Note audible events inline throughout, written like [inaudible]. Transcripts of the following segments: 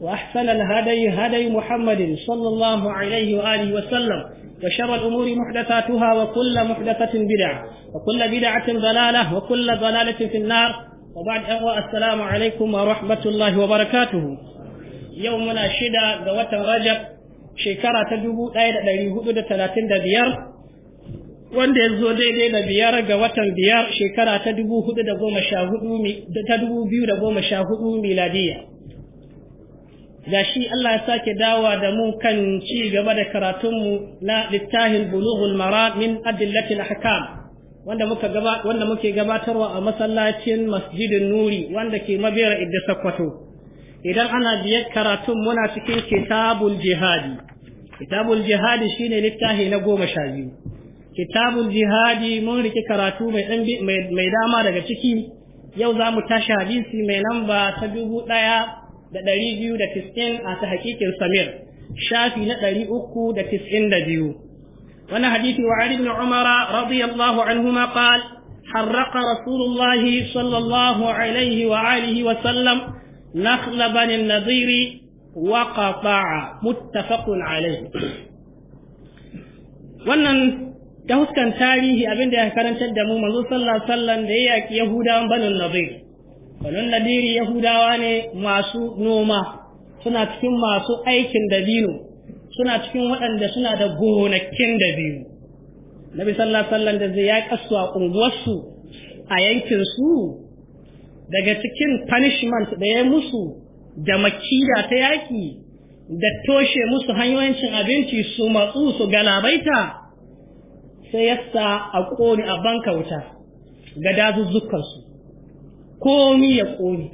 وأحسن الهدي هدي محمد صلى الله عليه وآله وسلم وشر الأمور محدثاتها وكل محدثة بدعة وكل بدعة ضلالة وكل ضلالة في النار وبعد أهوى السلام عليكم ورحمة الله وبركاته يومنا شدة دوات رجب شكرة تجبو آية لأيهود ثلاثين دبيار wanda ya zo daidai da biyar ga watan biyar shekara ta dubu hudu da goma sha hudu ta dubu biyu da goma sha hudu miladiya shi Allah ya sake dawa da mu kan ci gaba da karatunmu na littahin bulughul maram min adillatil ahkam wanda muka gaba wanda muke gabatarwa a masallacin masjidin nuri wanda ke mabera idda sakwato idan ana biyar karatun muna cikin kitabul jihadi kitabul jihadi shine littafi na goma sha biyu kitabul jihadi mun rike karatu mai mai dama daga ciki yau za mu tashi hadisi mai lamba ta dubu ɗaya da ɗari biyu da tis'in a ta hakikin samir shafi na ɗari uku da tis'in da biyu wani hadisi wa Ali ibn Umar radiyallahu anhuma qal harraqa Rasulullah sallallahu alaihi wa alihi wa sallam نخل بني النضير وقطع متفق عليه wannan ta huskan tarihi abinda ya karantar da mu manzo sallallahu alaihi wasallam da ya yaki yahudawan banin nadir wannan nadiri yahudawa ne masu noma suna cikin masu aikin dabino suna cikin waɗanda suna da gonakin dabino nabi sallallahu alaihi wasallam da zai ya kasu a unguwarsu a yankin su daga cikin punishment da ya musu da makida ta yaki da toshe musu hanyoyin cin abinci su matsu su galabaita sai yasa a koni a banka wuta ga dazuzzukansu komi ya komi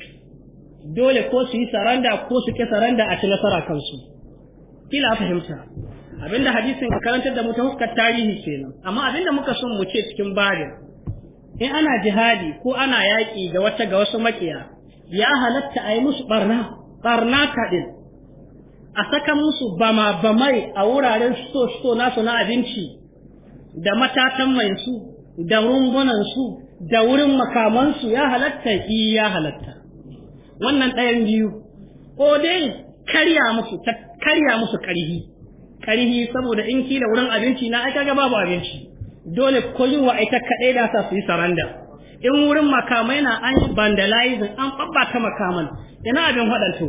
dole ko su yi saranda ko su ke saranda a ci nasara kansu kila fahimta abinda hadisin ka karantar da mu ta huskar tarihi kenan amma abinda muka son mu ce cikin barin in ana jihadi ko ana yaƙi ga wata ga wasu makiya ya halatta a yi musu barna barna kaɗin a saka musu bama bamai a wuraren so nasu na abinci da matatan mai su da rungunan su da wurin makamansu ya halatta i ya halatta wannan ɗayan biyu ko dai karya musu karya musu karhi Ƙarhi saboda in kila wurin abinci na aka ga babu abinci dole wa ita kaɗai da sa su yi saranda in wurin makamai na an vandalizing an ta makaman ina abin ta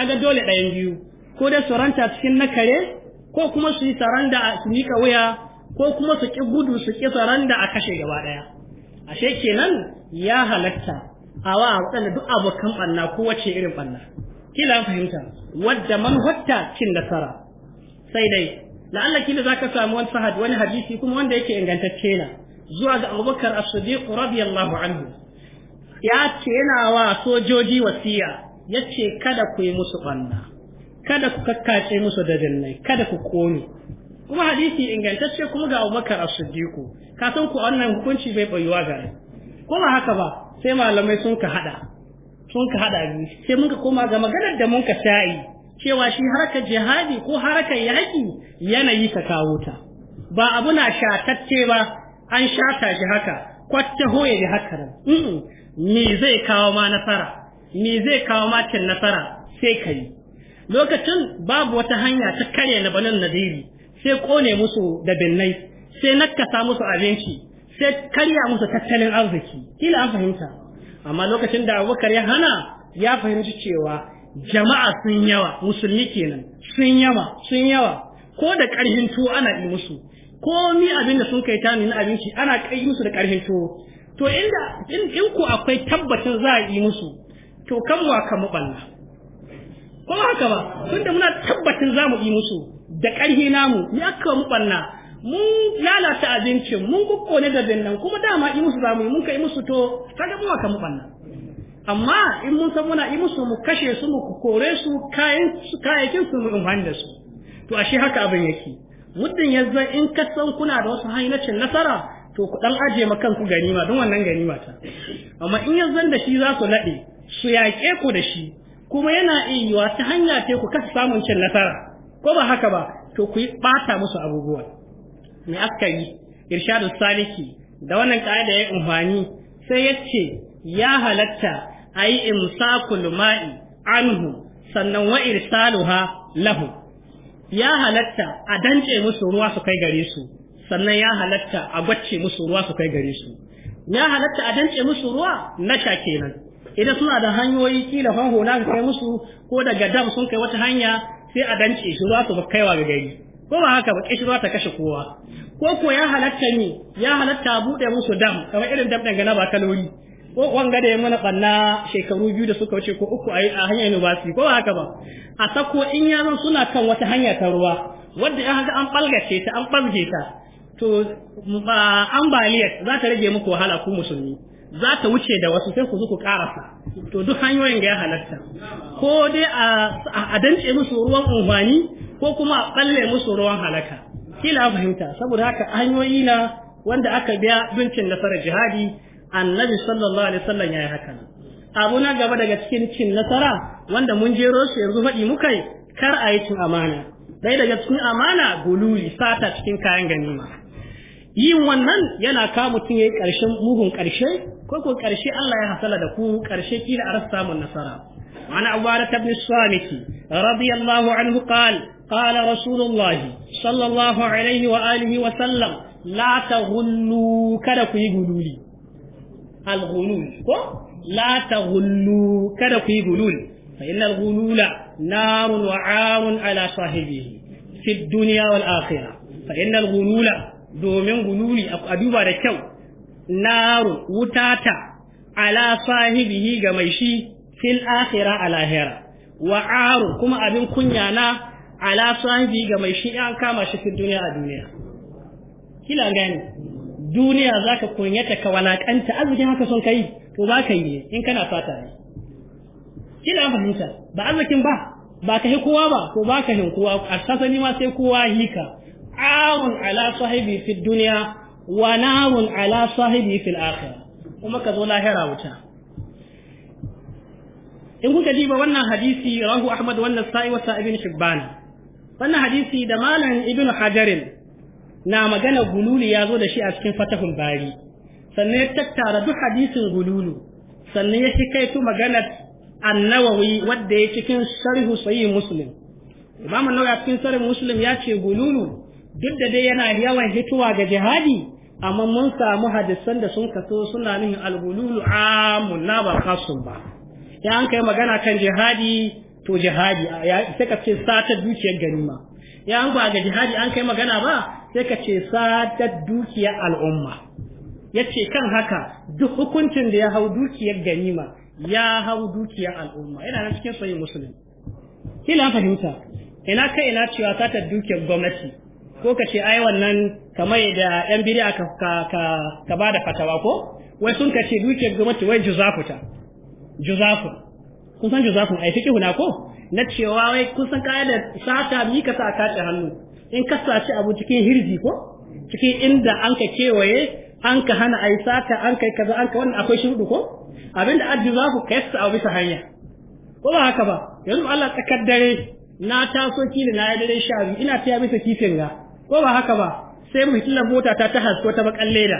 kaga dole ɗayan biyu ko dai su ranta cikin na kare ko kuma su yi saranda su mika wuya ko kuma su ƙi gudu su ƙi saranda a kashe gaba ɗaya ashe kenan ya halatta a wa waɗanda duk abokan ɓanna ko wacce irin ɓanna kila an fahimta wadda man hotta cin nasara sai dai la'alla kila za ka samu wani sahad wani hadisi kuma wanda yake ingantacce na zuwa ga abubakar as-siddiq radiyallahu anhu ya ce yana wa sojoji wasiya ya ce kada ku yi musu ɓanna kada ku kakkace musu da kada ku kone kuma hadisi ingantacce kuma ga Abubakar As-Siddiq ka san ku wannan hukunci bai bayuwa gari. ko ba haka ba sai malamai sun ka hada sun ka hada biyu sai mun ka koma ga maganar da mun ka sha'i cewa shi harakar jihadi ko harakar yaki yanayi ka kawo ta ba abu na shatacce ba an shata shi haka kwatta hoye da haka nan zai kawo ma nasara mi zai kawo ma cin nasara sai ka lokacin babu wata hanya ta karya na banan nadiri sai kone musu da binnai sai nakasa musu abinci sai karya musu tattalin arziki kila an fahimta amma lokacin da abubakar ya hana ya fahimci cewa jama'a sun yawa musulmi kenan sun yawa sun yawa ko da karhin tuwo ana yi musu ko ni abin da sun kai ta na abinci ana kai musu da karhin tuwo to inda in ku akwai tabbacin za a yi musu to kan wa kan ko haka ba tunda muna tabbacin za mu yi musu da ƙarfi namu ni aka mu banna mun lalata abincin mun ne da zinnan kuma dama yi musu zamu mun kai musu to ga muwa ka mu banna amma in mun san muna yi musu mu kashe su mu kore su kayan su kayakin su mu amfani da su to ashe haka abin yake muddin yanzu in ka san kuna da wasu cin nasara to ku dan aje ma kanku ganima don wannan ganima ta amma in yanzu da shi za su lade su yaƙe ku da shi kuma yana iya ta hanya ce ku kasa samun cin nasara ko ba haka ba to ku yi ɓata musu abubuwa mai askari irshadu saliki da wannan ƙa'ida ya umfani sai ya ce ya halatta a yi imsakul ma'i anhu sannan wa irsaluha lahu ya halatta a dance musu ruwa su kai gare su sannan ya halatta a gwacce musu ruwa su kai gare su ya halatta a dance musu ruwa na sha kenan idan suna da hanyoyi kila fanho na ka kai musu ko daga dam sun kai wata hanya sai a dance shi ruwa su kaiwa ga gari ko ba haka ba kishi ruwa ta kashe kowa ko ko ya halatta ni ya halatta bude musu dam kamar irin dam gana na kalori. ko wanga da ya mana banna shekaru biyu da suka wuce ko uku a hanyar university ko ba haka ba a sako in zan suna kan wata hanya ta ruwa wadda ya haka an balgace ta an balge ta to ambaliyar za ta rage muku wahala ku musulmi za ta wuce da wasu sai ku zo ku karasa to duk hanyoyin ga ya halatta ko dai a dance musu ruwan umfani ko kuma a balle musu ruwan halaka kila fahimta saboda haka hanyoyi na wanda aka biya bincin nasarar jihadi annabi sallallahu alaihi wasallam yayi haka abu na gaba daga cikin cin nasara wanda mun jero shi yanzu faɗi muka yi kar a yi cin amana ɗaya daga cikin amana gululi sata cikin kayan ganima yin wannan yana ka mutum ya yi ƙarshen mugun ƙarshe ko ko ƙarshe Allah ya hasala da ku ƙarshe kila a rasa samun nasara ma'ana abubuwa ta bi suwamiki radiyallahu anhu qal qala rasulullah sallallahu alaihi wa wa sallam la ta kada ku yi gululi al-ghulul ko la ta kada ku yi gulul fa inna al-ghulula narun wa amun ala sahibihi fi dunya wal akhirah fa inna al-ghulula domin gununi a duba da kyau naru ta, ala sahibihi ga mai shi fil akhira ala hera wa aru kuma abin kunya na ala sahibi ga mai shi an kama shi fil duniya a duniya kila gani duniya zaka kunyata ka walakanta arzikin haka son kai to za ka yi in kana fata ne kila fahimta ba arzikin ba ba ka hi kowa ba to ba ka yi kowa a sasani ma sai kowa hika arun ala sahibi fi duniya wa narun ala sahibi fil akhirah kuma ka zo lahira wuta in kuka diba wannan hadisi rahu ahmad wannan sa'i wa sa'ibin shibban wannan hadisi da malam ibn hajar na magana gululu ya zo da shi a cikin fatahul bari sannan ya tattara duk hadisin gululu sannan ya shi kai maganar annawawi wadda ya cikin sharhu sahih muslim imam an-nawawi a cikin sarin muslim ya ce gululu duk da dai yana yawan hituwa ga jihadi amma mun samu hadisan da sun kaso suna nuhin alhululu amun na ba kasu ba ya an kai magana kan jihadi to jihadi sai ka ce satar dukiyar ganima ya an ba ga jihadi an kai magana ba sai ka ce satar dukiyar al'umma ya ce kan haka duk hukuncin da ya hau dukiyar ganima ya hau dukiyar al'umma yana nan cikin sayin musulun kila fahimta ina kai ina cewa sata dukiyar gwamnati ko ka ce ai wannan kamar da yan bid'a ka ka ka bada fatawa ko wai sun ka ce duke gwamnati wai juzafuta juzafu kun san juzafu ai fiqhu huna ko na cewa wai kun san kaya da sata mi ka sa ka hannu in ka saci abu cikin hirji ko cikin inda an ka kewaye an ka hana ai sata an kai kaza an ka wannan akwai shudu ko abinda adjuzafu ka yasa a bisa hanya ko ba haka ba yanzu Allah tsakar dare na taso kila na yi dare sha biyu ina taya bisa kifin ga ko ba haka ba sai mu hitilla mota ta ta hasko ta bakan leda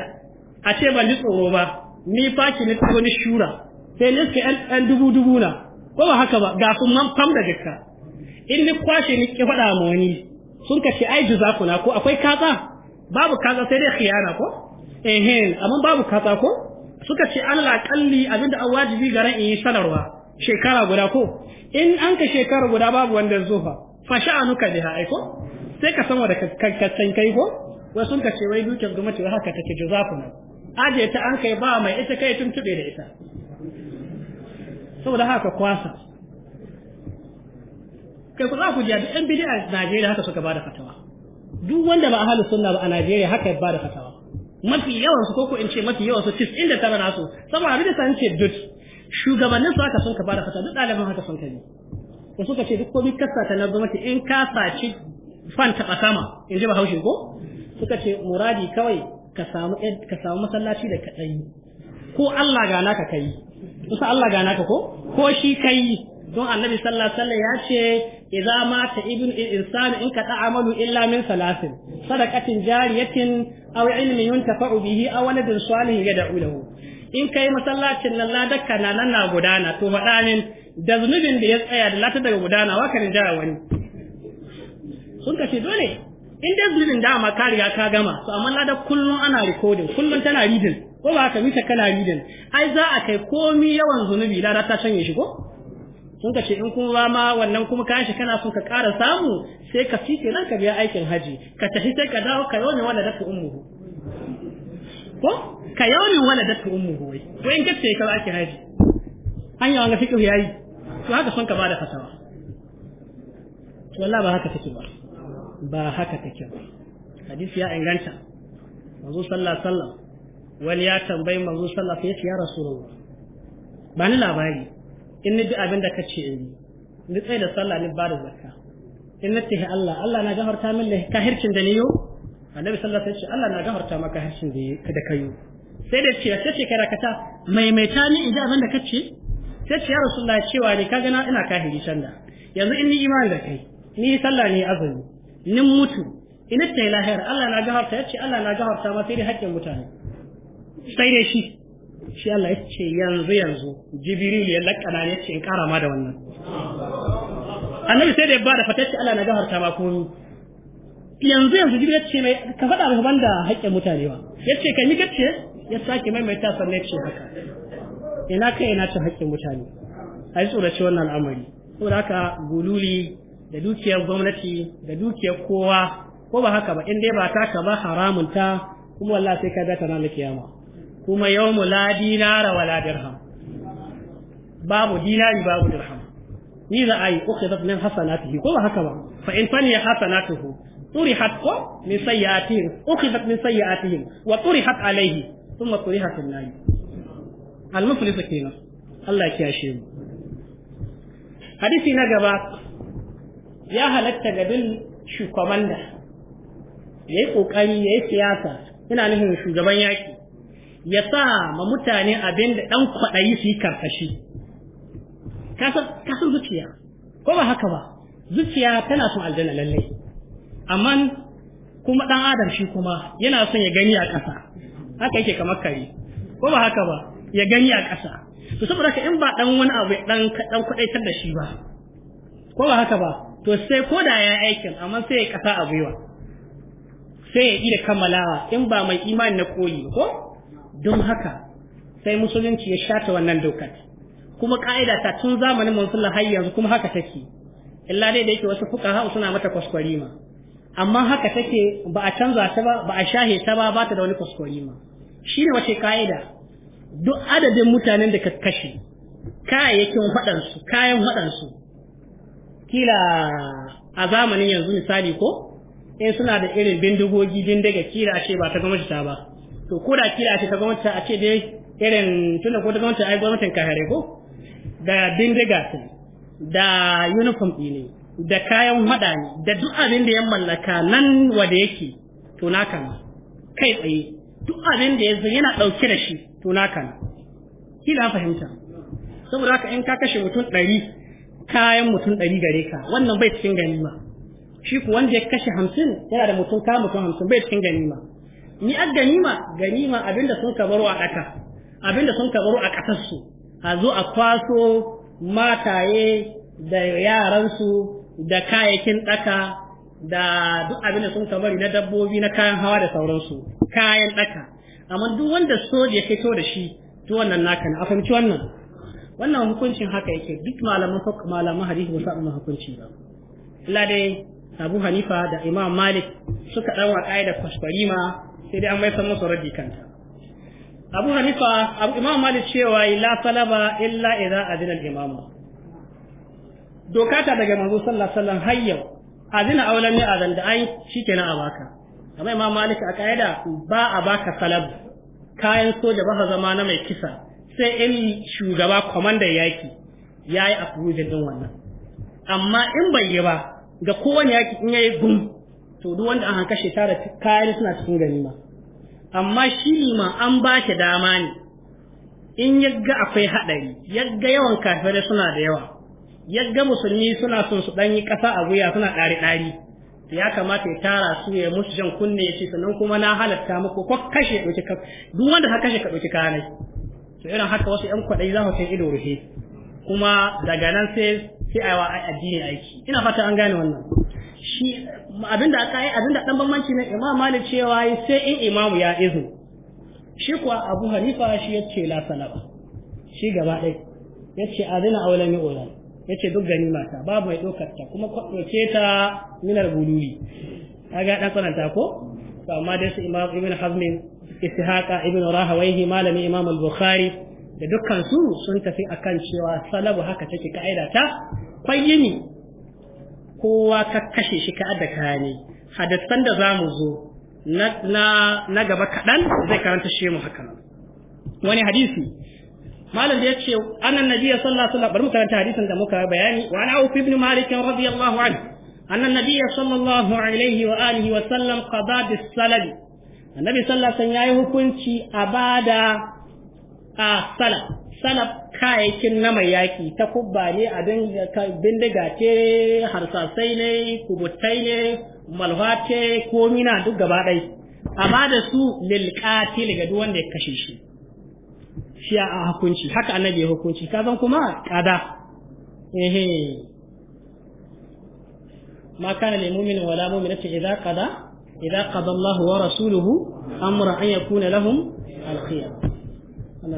a ce ban ji tsoro ba ni faki ni tsoro ni shura sai ne suka yan dubu dubu na ko ba haka ba ga sun nan fam da jikka in ni kwashe ni ki faɗa ma wani sun ka ce ai na? ko akwai kaza babu kaza sai dai khiyana ko eh amma babu kaza ko suka ce Allah kalli abinda an wajibi garan in yi sanarwa shekara guda ko in an ka shekara guda babu wanda fa fa sha'anuka biha ai ko sai ka san wa da kakkacin kai ko wai sun kace wai dukiyar gwamnati wai haka take nan aje ta an kai ba mai ita kai tun tube da ita saboda haka kwasa kai ku za ku ji duk bi da Najeriya haka suka bada fatawa duk wanda ba ahlus sunna ba a Najeriya haka ya bada fatawa mafi yawan su koko in ce mafi yawan su 99 na su saboda da san ce duk shugabannin su haka sun ka bada fatawa duk ɗaliban haka sun kai ne da suka ce duk komai kasa ta na gwamnati in ka saci fan taɓa sama in ji bahaushe ko suka ce muradi kawai ka samu ka samu masallaci da kaɗai ko Allah ga naka kai kusa Allah ga naka ko ko shi kai don annabi sallallahu alaihi wasallam ya ce idza mata al insani in ka ta'amalu illa min salasin sadaqatin jariyatin aw ilmin yuntafa'u bihi aw waladin salihin yad'u lahu in kai masallacin nan ladakka na nan na gudana to faɗa min da zunubin da ya tsaya da lata daga gudana wa kan jara wani sun kace dole in dai zulubin dama ka riga ka gama to amma lada kullum ana recording kullum tana reading ko ba ka mita kana reading ai za a kai komi yawan zunubi lada ta shanye shi ko sun kace in kuma ma wannan kuma kayan shi kana son ka ƙara samu sai ka fice nan ka biya aikin haji ka tafi sai ka dawo ka yawan wala da ta ummu ko ka yawan wala da ta ummuhu wai ko in kace ka ba ki haji hanya wanga fikihu yayi to haka son ka bada fatawa to wallahi ba haka take ba ba haka take ba hadisi ya inganta manzo sallallahu alaihi wasallam wani ya tambayi manzo sallallahu alaihi wasallam ya rasulullah ba ni labari in ni ji abin da kace in yi ni tsaye da sallah ni ba da zakka in na Allah Allah na gafarta min da kahircin da ni yo annabi sallallahu alaihi wasallam Allah na gafarta maka kahircin da ka yi sai da ce ta ce kara kata maimaita ni in ji abin da kace sai ce ya rasulullah cewa ne kaga na ina kahiri sanda yanzu in ni imani da kai ni sallah ne azumi nin mutu ina ta lahiyar Allah na gafarta yace Allah na gafarta ma sai dai haƙƙin mutane sai dai shi shi Allah yace yanzu yanzu Jibril ya lakana yace in ƙara ma da wannan annabi sai da ba da fatacci Allah na gafarta ma komi yanzu yanzu Jibril yace mai ka faɗa maka banda haƙƙin mutane ba yace kan yi gace ya sake maimaita sannan ce haka ina kai ina ta haƙƙin mutane ai tsorace wannan al'amari saboda haka gululi da dukiyar gwamnati da dukiyar kowa ko ba haka ba in dai ba taka ba haramun ta kuma wallahi sai ka ga ta ranar kiyama kuma yawmu la dinara wala dirham babu dinari babu dirham ni za a yi ukhizat min hasanatihi ko ba haka ba fa in fani hasanatuhu turihat ko min sayyi'atihim ukhizat min sayyi'atihim wa turihat alayhi thumma turihat an-nar al-muflis kenan Allah ya kiyashe mu hadisi na gaba ya halatta ga bin shugaban ya yi ƙoƙari ya yi siyasa ina nufin shugaban yaƙi ya sa ma mutane abin da ɗan kwaɗayi su yi karkashi kasar zuciya ko ba haka ba zuciya tana son aljanna lallai amma kuma ɗan adam shi kuma yana son ya gani a ƙasa haka yake kamar kare ko ba haka ba ya gani a ƙasa to saboda haka in ba ɗan wani abu ɗan ɗan kwaɗaitar da shi ba ko ba haka ba to sai ko da ya aikin amma sai ya kasa a gwiwa sai ya iya kammalawa in ba mai imani na koyi ko don haka sai musulunci ya shata wannan dokar kuma ka'ida ta tun zamanin mansulla har yanzu kuma haka take illa dai da yake wasu fuka suna mata ma. amma haka take ba a canza ta ba ba a shahe ta ba ba ta da wani ma shine wace ka'ida duk adadin mutanen da ka kashe kayayyakin faɗansu kayan faɗansu kila a zamanin yanzu misali ko in suna da irin bindigogi bindiga kila a ce ba ta gwamnati ta ba to ko da kila a ce ta gwamnati a ce dai irin tunda ko ta gwamnati ai gwamnatin kahare ko da bindiga ce da uniform ɗine da kayan hada ne da duk abin da ya mallaka nan wanda yake to naka ne kai tsaye duk abin da yanzu yana ɗauke da shi to naka ne kila fahimta saboda haka in ka kashe mutum ɗari kayan mutum ɗari gare ka wannan bai cikin ganima shi ku wanda ya kashe hamsin yana da mutum kayan mutum hamsin bai cikin ganima ni a ganima ganima abinda sun ka a ɗaka abinda sun ka a ƙasarsu a zo a kwaso mataye da yaransu da kayayyakin ɗaka da duk abinda sun bari na dabbobi na kayan hawa da sauransu kayan ɗaka amma duk wanda soja ya fito da shi to wannan naka na a fahimci wannan wannan hukuncin haka yake duk malaman fakka malaman hadisi ba su amma hukunci ba Allah dai Abu Hanifa da Imam Malik suka dan wa kaida ma sai dai an mai san musu raddi kanta Abu Hanifa Abu Imam Malik cewa la salaba illa idza adina al-imam doka daga manzo sallallahu alaihi wasallam hayyau a aulan ne a da ai shikenan a baka amma Imam Malik a kaida ba a baka salab kayan soja ba zama na mai kisa sai in shugaba kwamandan yaki ya yi approving din wannan amma in bai yi ba ga kowane yaki in yayi gum to duk wanda an kashe tara kayan suna cikin ma. amma shi ma an ba shi dama ne in yagga akwai haɗari yagga yawan kafirai suna da yawa yagga musulmi suna son su ɗan yi ƙasa a wuya suna ɗari-ɗari ya kamata ya tara su ya musu jan kunne ya ce sannan kuma na halatta muku ko kashe ɗauki duk wanda ka kashe ka ɗauki kanai to irin haka wasu yan kwaɗayi za mu kai ido rufe kuma daga nan sai sai a wa addini aiki ina fata an gane wannan shi abinda aka yi abinda dan bambanci ne imam malik cewa sai in imamu ya izu shi kuwa abu hanifa shi yace la salaba shi gaba ɗaya yace azina awlan Ya yace duk gani mata babu mai ɗaukar ta kuma kwaɗoke ta minar bululi kaga dan sananta ko to amma dai su imam ibn hazmin ishaqa ibn rahawayhi malami imam al-bukhari da dukkan sun tafi akan cewa salabu haka take ka'ida ta kwayyini kowa ka kashe shi ka adda kayane hadisan da zamu zo na gaba kadan zai karanta shi haka wani hadisi malam da yace annan nabiyyi sallallahu alaihi wasallam bari mu karanta hadisin da muka bayani wa ana ufi ibn malik radiyallahu anhu sallallahu alaihi wa sallam annabi sallallahu alaihi wasallam yayi hukunci a bada a salaf salaf kayayyakin na mai yaki ta kubba ne abin bindiga ce harsasai ne kubutai ne malwa ce komi na duk gaba ɗai a bada su lil qatil ga duk wanda ya kashe shi shi a hukunci haka annabi ya hukunci zan kuma kada ehe ma kana lil mu'min wala mu'minati idza qada idza qada Allah wa rasuluhu amra an yakuna lahum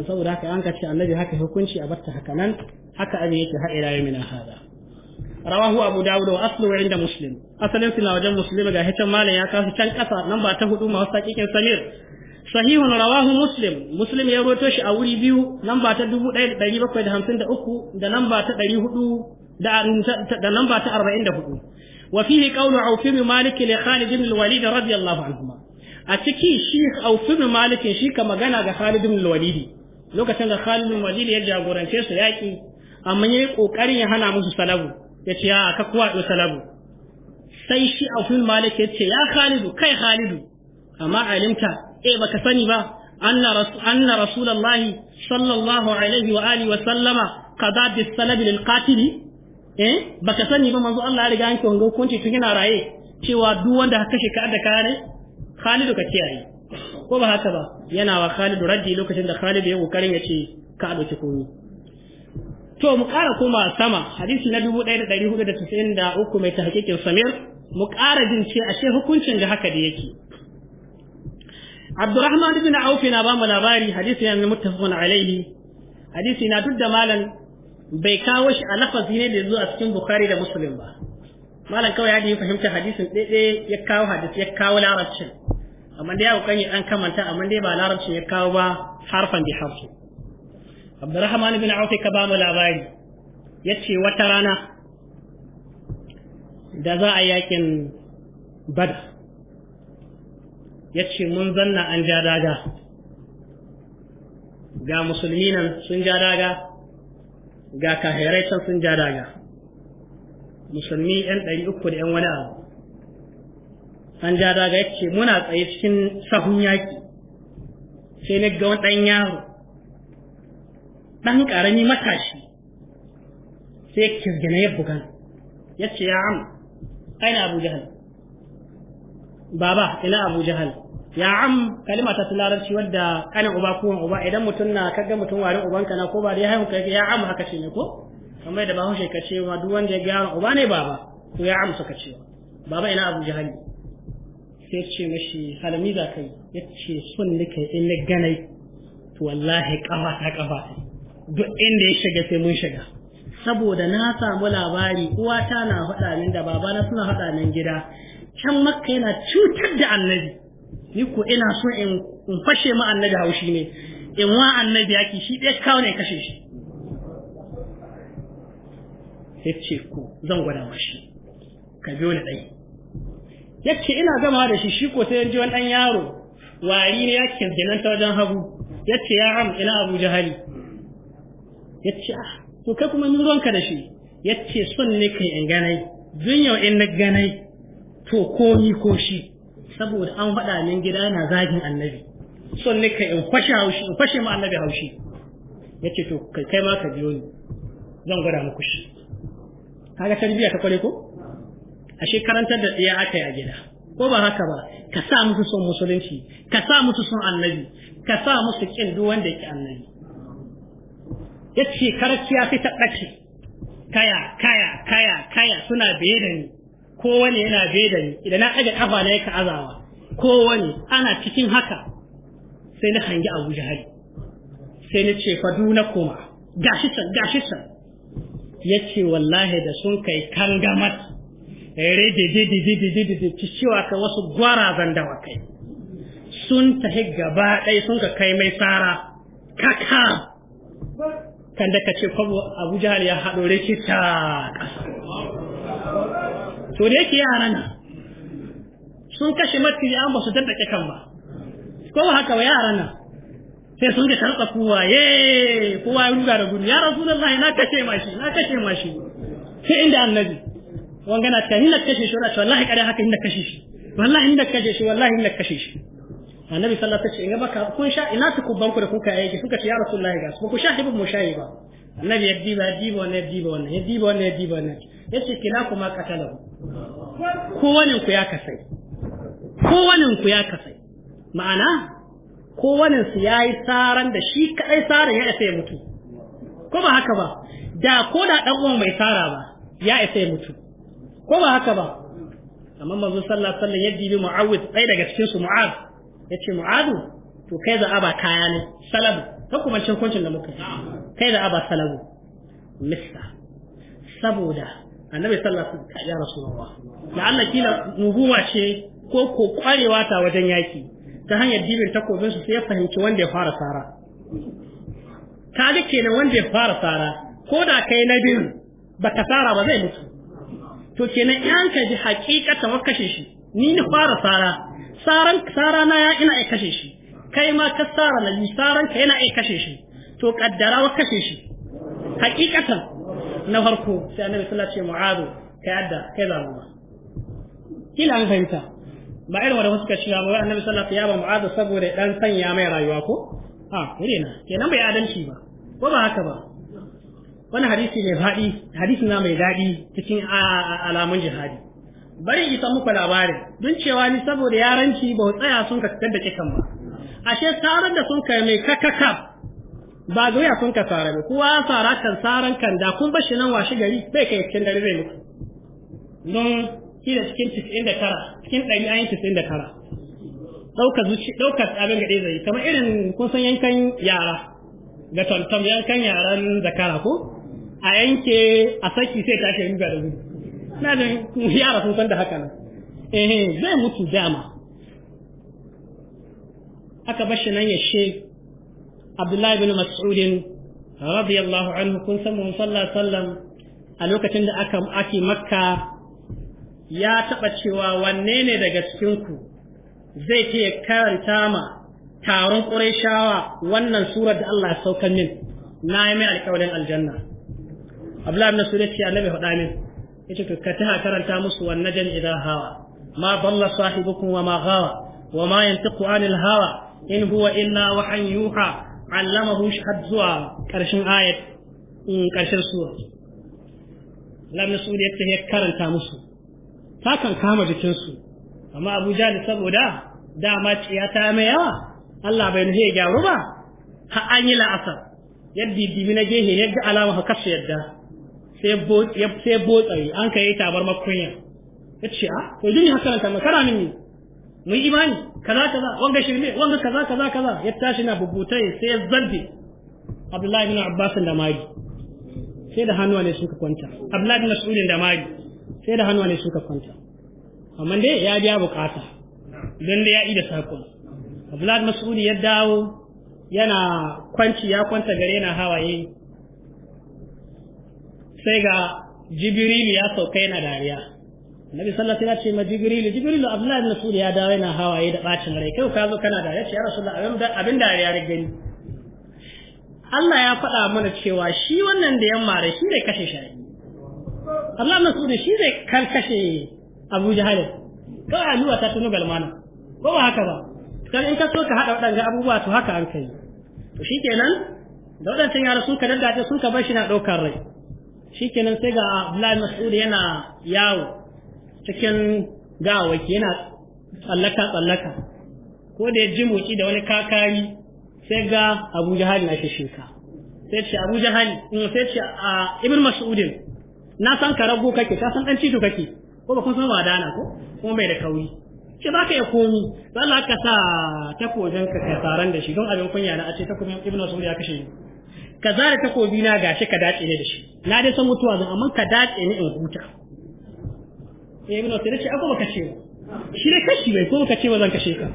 saboda haka an kace annabi haka hukunci a batta haka nan haka abin yake har ila yamina hada rawahu abu dawud wa aslu inda muslim asalin suna wajen muslim ga hitan malam ya kasi can kasa nan ba ta hudu masu sakikin samir sahihun rawahu muslim muslim ya roto shi a wuri biyu namba ta 1753 da namba ta 400 da ta وفيه قول عوف بن مالك لخالد بن الوليد رضي الله عنهما أتكي شيخ عوف بن مالك شيخ مغانا خالد بن الوليد لو كان خالد بن الوليد يرجع قران شيخ سياكي أما يقو كاري يهانا موسو سلابو يتي يا كقوة سلابو sai shi a fil malik ya ce ya khalidu kai khalidu amma alimta eh baka sani ba anna rasul anna rasulullahi sallallahu alaihi wa alihi wa sallama qada bis salab lil qatil eh baka sani ba manzo Allah ya riga yanke wanga hukunci tun yana raye cewa duk wanda ka kashe ka da kare Khalidu ka kiyaye ko ba haka ba yana wa Khalidu raddi lokacin da Khalidu ya kokarin ya ce ka dauki komi to mu ƙara koma sama hadisi na 1493 mai tahqiqin Samir mu ƙara jin ce ashe hukuncin da haka da yake Abdurrahman ibn Auf na ba mu labari hadisi yana muttafaqun alaihi hadisi na duk da malam bai kawo shi a lafazi ne da zuwa a cikin bukhari da muslim ba malam kawai ya yi fahimtar hadisin ɗaiɗe ya kawo hadisi ya kawo larabcin amma dai ya yi an kamanta amma dai ba larabcin ya kawo ba harfan bi harfi abdurrahman bin auf ka ba mu labari yace wata rana da za a yakin Bad, ya ce mun zanna an ja daga ga musulmi nan sun ja daga ga kahirai can sun ja daga musulmi yan ɗari uku da yan wani abu an ja daga ya ce muna tsaye cikin sahun yaƙi sai na ga ɗan yaro ɗan ƙarami matashi sai gina ya bugan ya ce ya am aina abu jahal baba ina abu jahal ya am kalima ta larabci wadda kanin uba ko uba idan mutum na kaga mutum warin ubanka na ko ba dai haihu kai ya am haka ce ne ko kamar da bahaushe ka kace ma duk wanda ya ga uba ne baba ko ya am suka ce baba ina abu jahali sai ce mishi halami da kai yace sun nake in ni ganai to wallahi kafa ta kafa duk inda ya shiga sai mun shiga saboda na samu labari uwata na faɗa min da babana suna faɗa min gida can makka yana cutar da annabi ni ko ina so in fashe ma annabi haushi ne in wa annabi yaki shi ɗaya kawo ne kashe shi yace ko zan gwada mashi ka biyo ni dai yace ina gama da shi shi ko sai ji wani ɗan yaro wari ne ya kirkinan ta wajen hagu yace ya am ina abu jahali yace ah to kai kuma mun ruwanka da shi yace son ne kai in ganai dun in na ganai to komi ko shi saboda an faɗa min gida na zagin annabi son ne ka in fashe haushi in fashe ma annabi haushi ya ce to kai ma ka biyo ni zan gwada muku shi kaga tarbiyya ta kware ko ashe karantar da ɗaya aka yi a gida ko ba haka ba ka sa musu son musulunci ka sa musu son annabi ka sa musu kin duk wanda yake annabi yace karkiya fi ta ɗace kaya kaya kaya kaya suna biye da ni kowane yana beda ni idan na ɗaga kafa na yaka azawa kowane ana cikin haka sai na hangi abu sai na ce faɗu na koma gashi can gashi ya ce wallahi da sun kai kangamat ci cewa ka wasu gwarazan dawa kai sun tahi gaba ɗaya sun ka kai mai tsara kaka kan da ka ce kwabo abu ya haɗo rikita ƙasa to da yake yara na sun kashe maciji an ba su daddake kan ba ko haka ba yara na sai sun ga tarsa kowa ye kowa ya ruga da gudu ya rasulullahi na kashe mashi na kashe mashi sai inda annabi wanga na ta hinna kashe shi wallahi kada haka hinna kashe shi wallahi hinna kashe shi wallahi hinna kashe shi annabi sallallahu alaihi wasallam ya baka kun sha ina ta kubban ku da kuka yake suka ce ya rasulullahi ga su ku sha hibin mushayi ba annabi ya diba diba wannan ya diba wannan ya diba wannan ya diba wannan yace kina kuma qatalahu kowannen ku ya kasai kowannen ku ya kasai ma'ana kowannen su yayi saran da shi kaɗai saran ya isa ya mutu ko ba haka ba da ko da dan uwan bai sara ba ya isa ya mutu ko ba haka ba amma manzo sallallahu alaihi wasallam ya bi mu'awid sai daga cikin su mu'ad yace mu'adu to kai za aba kaya ne salabu ta kuma cin kuncin da muka kai za aba salabu Mista. saboda annabi sallallahu alaihi wasallam ya rasulullah la'alla kila nubuwa ce ko ko kwarewa ta wajen yaki ta hanyar dibin takobin su sai ya fahimci wanda ya fara sara ta ga kenan wanda ya fara sara ko da kai na biyu baka sara ba zai mutu to kenan yan ka ji hakikatan wa kashe shi ni ni fara sara saran sara na ya ina ai kashe shi kai ma ka sara na ni saran ka yana ai kashe shi to kaddara wa kashe shi hakikatan na farko sai annabi sallallahu alaihi wasallam ce mu'adu kai adda kai zamu ba. kila an fahimta ba irin wanda suka ci ba annabi sallallahu alaihi wasallam ya ba mu'adu saboda dan sanya mai rayuwa ko a kure na kenan bai adalci ba ko ba haka ba wani hadisi mai faɗi hadisi na mai daɗi cikin alamun jihadi bari in isa muku labarin don cewa ni saboda yaranci ba tsaya sun ka da kikan ba ashe tarar da sun kai mai kakaka ba gari a kun ka sara ne ya sara kan saran kan da kun bashi nan washe gari bai kai cikin dare zai mutu don kila cikin da tara cikin 100 ayin tara daukar zuci Ɗaukar abin gade zai kamar irin kun san yankan yara ga tantan yankan yaran zakara ko a yanke a saki sai ta shi da gudu na da yara sun san da haka nan eh zai mutu dama aka bashi nan ya shi abdullahi bin mas'udin radiyallahu anhu kun san mun sallallahu sallam a lokacin da aka ake makka ya taɓa cewa wanne ne daga cikinku, zai ce karanta ma taron ƙurashawa, wannan surar da Allah ya saukar min na yi mai alƙawarin aljanna abdullahi bin mas'ud ya ce annabi faɗa min yace to ka ta karanta musu wannan jan idan hawa ma dalla sahibukum wa ma ghawa wa ma yantiqu anil hawa in huwa illa wahyun yuha allamahu har zuwa ƙarshen ayat ƙarshen suwa lam nasud ya ya karanta musu ta kan kama jikinsu amma Abu Jahl saboda dama ciya ta mai yawa Allah bai nuhe gyaru ba ha an yi la'asar yadda dibi na gehe yadda alama ka kasu yadda sai botsari an kai tabar makunya ya ce a ah, to jini haka nan karanta min mu yi imani kaza kaza wanga shirme wanga kaza kaza kaza ya tashi na bubutai sai ya zarbe Abdullahi bin Abbas da mai sai da hannuwa ne suka kwanta Abdullahi bin Mas'ud da mai sai da hannuwa ne suka kwanta amma dai ya biya bukata dan da ya yi da sakon Abdullahi bin Mas'ud ya dawo yana kwanci ya kwanta gare na hawaye sai ga Jibril ya sauka yana dariya nabi sallallahu alaihi wasallam ya ce ma jibrilu jibrilu abdullahi ibn mas'ud ya dawo yana hawaye da bacin rai kai ka zo kana da ya ce ya rasulullah abin da ya gani Allah ya faɗa mana cewa shi wannan da yamma da shi zai kashe shi Allah mas'ud shi zai kal kashe Abu Jahal ko aluwa ta tuno galmana ko ba haka ba kan in ka so ka hada waɗanda abubuwa to haka an kai to shikenan da waɗancan yara sun ka daddace sun ka bar shi na ɗaukar rai shikenan sai ga Abdullahi Mas'ud yana yawo cikin gawaki yana tsallaka tsallaka ko da ya ji motsi da wani kakari sai ga Abu jihari na shi shinka sai ce Abu jihari in mm, sai ce a Ibn Mas'udin na san ka rago kake ka san dan cito kake ko ba kun san dana ko kuma bai da kauri ce ba ka ya komi don Allah ka sa takobin ka taron da shi don abin kunya na a ce takobin Ibn Masudin ya kashe ni ka zara takobi na gashi ka dace ne da shi na dai san mutuwa zan amma ka dace ni in huta ya ibn Mas'ud ce ako baka ce ba shi ne kashi bai ko baka ce ba zan kashe ka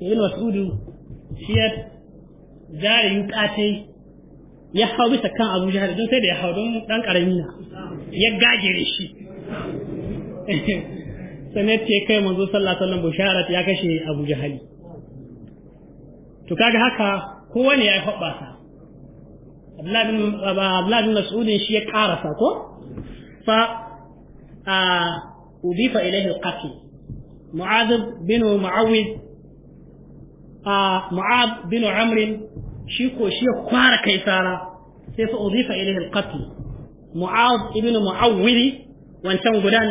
ibn Mas'ud shi ya zare yukatai ya hau bisa kan Abu jihar don sai da ya hau don dan karami na ya gajere shi [laughs] sannan ce kai manzo sallallahu alaihi wasallam bisharat ya kashe Abu jihar to kaga haka kowane ya yi hoɓasa Abdullahi bin Mas'udin shi ya karasa ko fa a إليه القتل معاذ بن معوذ معاذ بن mu'adh bin shi ko shi أضيف kai sara sai بن معوذ ilaihi alqatl mu'adh ibn wancan gudan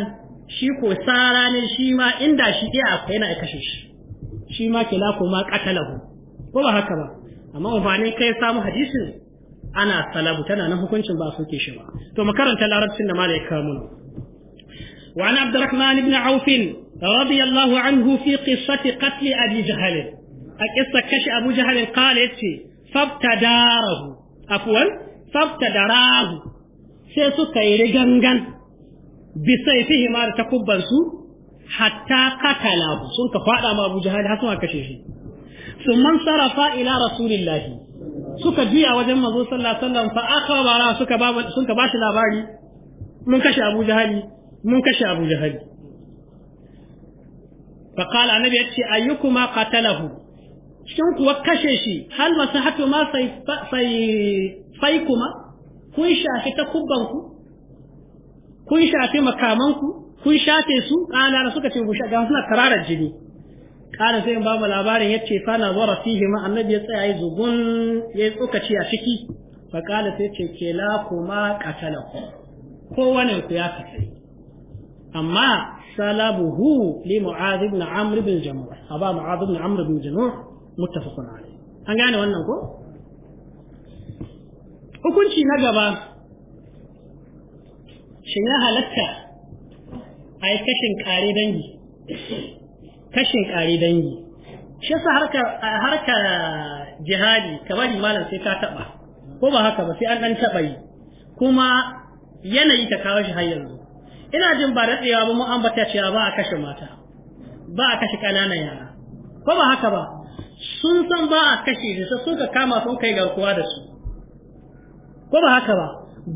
shi ko sara ne shi ma inda shi iya kashe shi shi ma haka ba amma amfanin kai samu hadisin ana salabu tana nan hukuncin ba ke shi ba to makarantar larabcin da ya kawo وعن عبد الرحمن بن عوف رضي الله عنه في قصة قتل أبي جهل القصة كش أبو جهل قالت فابتداره عفوا فابتدراه سيسو كيرجنجن بسيفه ما رتكب حتى قتله سنك فعلا ما أبو جهل حسنا كشيشي ثم انصرف إلى رسول الله سوكا جي وجمع صلى الله عليه وسلم فأخبر سوكا باشي لا باري من كشي أبو جهل mun kashe abu jahali fa qala annabi yace ayyukuma qatalahu shin kuwa kashe shi hal masahatu ma sai sai sai kuma kun shafe ta kubban ku kun shafe makaman ku kun shafe su kana na suka ce ku shaga suna karara jini kana sai ba mu labarin yace fa na zara fihi ma annabi ya tsaya zugun ya ci a ciki fa qala sai ce kelakuma qatalahu kowane ku ya kashe amma salabuhu li mu'adh ibn amr ibn jamuh aba mu'adh ibn amr ibn jamuh muttafaqun alayh an gane wannan ko hukunci na gaba shin ya halatta a yi kashin kare dangi kashin kare dangi shi sa harka harka jihadi kamar malam sai ka taba ko ba haka ba sai an dan taba yi kuma yanayi ta kawo shi har yanzu ina jin ba daɗewa ba mu ambata cewa ba a kashe mata ba a kashe ƙananan yara ko ba haka ba sun san ba a kashe da sun suka kama sun kai garkuwa da su ko ba haka ba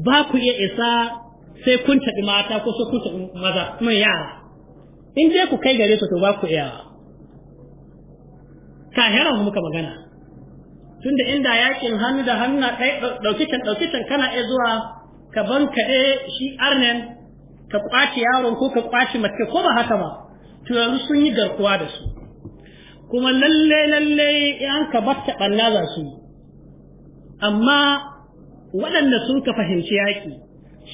ba ku iya isa sai kun taɓi mata ko sai kun taɓi maza mai yara in je ku kai gare su to ba ku iya hera mu muka magana tunda inda yakin hannu da hannu na ɗauki can ɗauki can kana iya zuwa ka ban kaɗe shi arnen ka kwace yaron ko ka kwace mace ko ba haka ba to yanzu sun yi garkuwa da su kuma lalle lalle an ka batta banna za su amma waɗanda sun ka fahimci yaƙi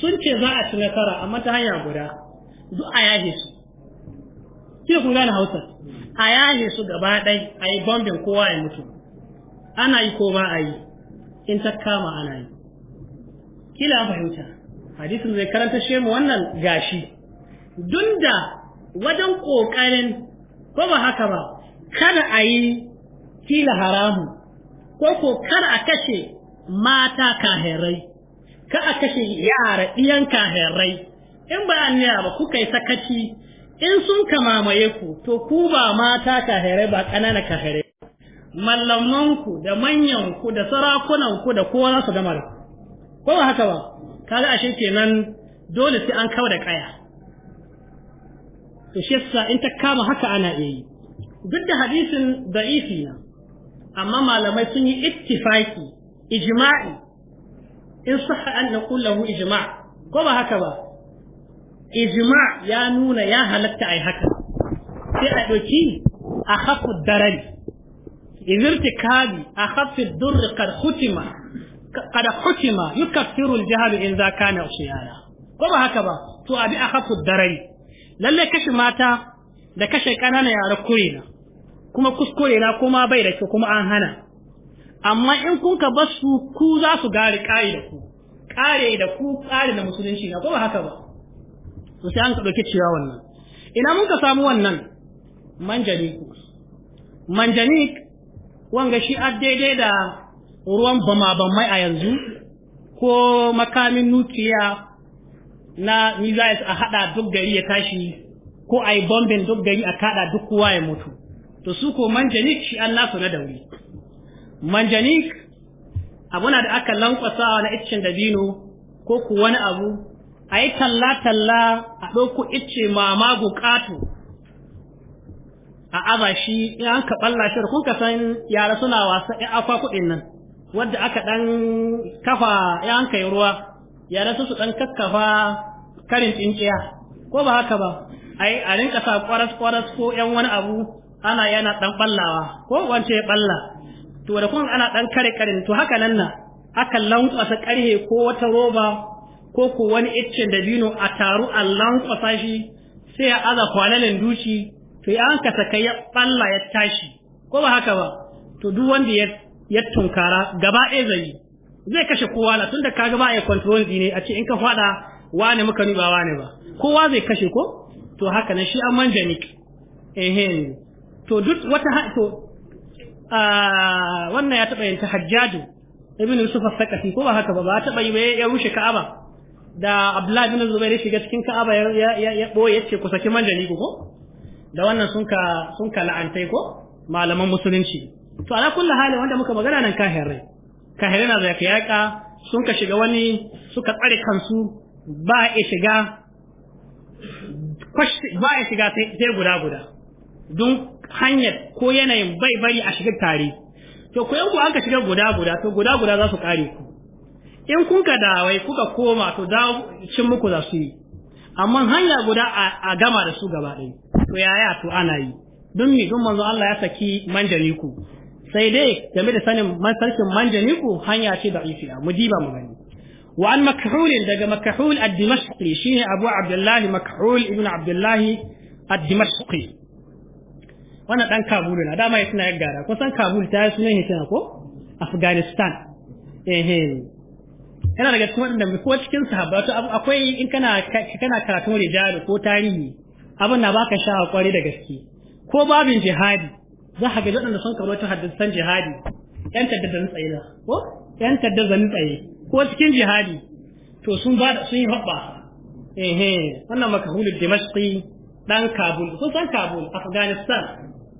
sun ce za a ci nasara amma ta hanya guda duk a yaje su ke kun gane hausa a yaje su gaba ɗai a yi bombin kowa ya mutu ana yi ko ba a yi in ta kama ana yi kila fahimta hadisin zai karanta shi mu wannan gashi dunda wajen kokarin ko ba haka ba kada a yi kila haramu ko ko kar a kashe mata kahirai ka a kashe yara iyan kahirai in ba an ba kuka yi sakaci in sun kamamaye ku to ku ba mata kahirai ba ƙanana kahirai mallamanku da manyanku da sarakunanku da kowa za su gama da ko ba haka ba kaga ashe kenan dole sai an kawo da kaya to shi yasa in ta kama haka ana yi duk da hadisin da'ifi na amma malamai sun yi ittifaki ijma'i in sahha an naqul lahu ijma' ko ba haka ba ijma' ya nuna ya halatta ai haka sai a doki a khafu darari izirtikabi a khafu durr qad khutima kada hukima yukaffiru al-jahl in za kana usyana ko ba haka ba to abi akhafu darai lalle kashi mata da kashe kanana yara na, kuma kuskure na kuma bai da kyau kuma an hana amma in kun ka ba su ku za su gari kare da ku kare da ku kare da musulunci na ko ba haka ba to sai an ka dauki ciwa wannan ina mun ka samu wannan manjani manjanik wanga shi a daidai da ruwan bama ban mai a yanzu ko makamin nukiliya na missiles a hada duk gari ya tashi ko a yi bombin duk gari a kada duk kowa ya mutu to su ko manjanik shi an nasu na dauri manjanik abu na da aka lankwasa na iccen dabino ko ku wani abu a yi talla-talla a ɗauko icce mama buƙatu a aza shi in an ka ɓalla shi da kun ka san yara suna wasa in akwa kuɗin nan wadda aka ɗan kafa ya kai ruwa ya su su dan kakkafa karin tsinciya ko ba haka ba ai a rinka sa kwaras kwaras ko yan wani abu ana yana dan ballawa ko wance ya balla to da kun ana dan kare karin to haka nan na aka lankwasa karhe ko wata roba ko ko wani iccen dabino a taru a lankwasa shi sai ya aza kwanalin duci to ya an kasa ya balla ya tashi ko ba haka ba to duk wanda ya ya tunkara gaba ɗaya zai zai kashe kowa na tunda ka gaba ya control ne a ce in ka fada wane muka ni ba wane ba kowa zai kashe ko to haka nan shi an manjani eh to duk wata to wannan ya taɓa yin tahajjadu ibn yusuf as sakafi ko ba haka ba ba taɓa yi ya rushe ka'aba da abdullahi bin zubair ya shiga cikin ka'aba ya ya ya boye yace ku saki manjani ko da wannan sun ka sun ka la'antai ko malaman musulunci to ala kulli hali wanda muka magana nan kahirai kahirai na zaka yaka sun ka shiga wani suka tsare kansu ba ya shiga ba ya shiga sai guda guda don hanyar ko yanayin bai bari a shiga tare to ku yanku an ka shiga guda guda to guda guda za su kare ku in kun ka dawai kuka koma to da cin muku za su yi amma hanya guda a gama da su gaba ɗaya to yaya to ana yi don mi don manzo Allah ya saki manjani ku sai dai game da sanin sarkin ku hanya ce da isiya mu diba mu gani wa an makhul daga makhul ad-dimashqi shine abu abdullah makhul ibn abdullah ad-dimashqi wannan dan kabul na dama yana ya gara san kabul ta sunan hitina ko afghanistan eh yana daga cikin wadanda ko cikin sahaba to akwai in kana kana karatu rijal ko tarihi abin na baka sha kwari da gaske ko babin jihadi za a ga waɗanda sun karo ta hadisan jihadi yan tadda da tsaye na ko yan tadda da tsaye ko cikin jihadi to sun ba da sun yi haɓɓa ehe wannan da dimashqi dan kabul sun san kabul afghanistan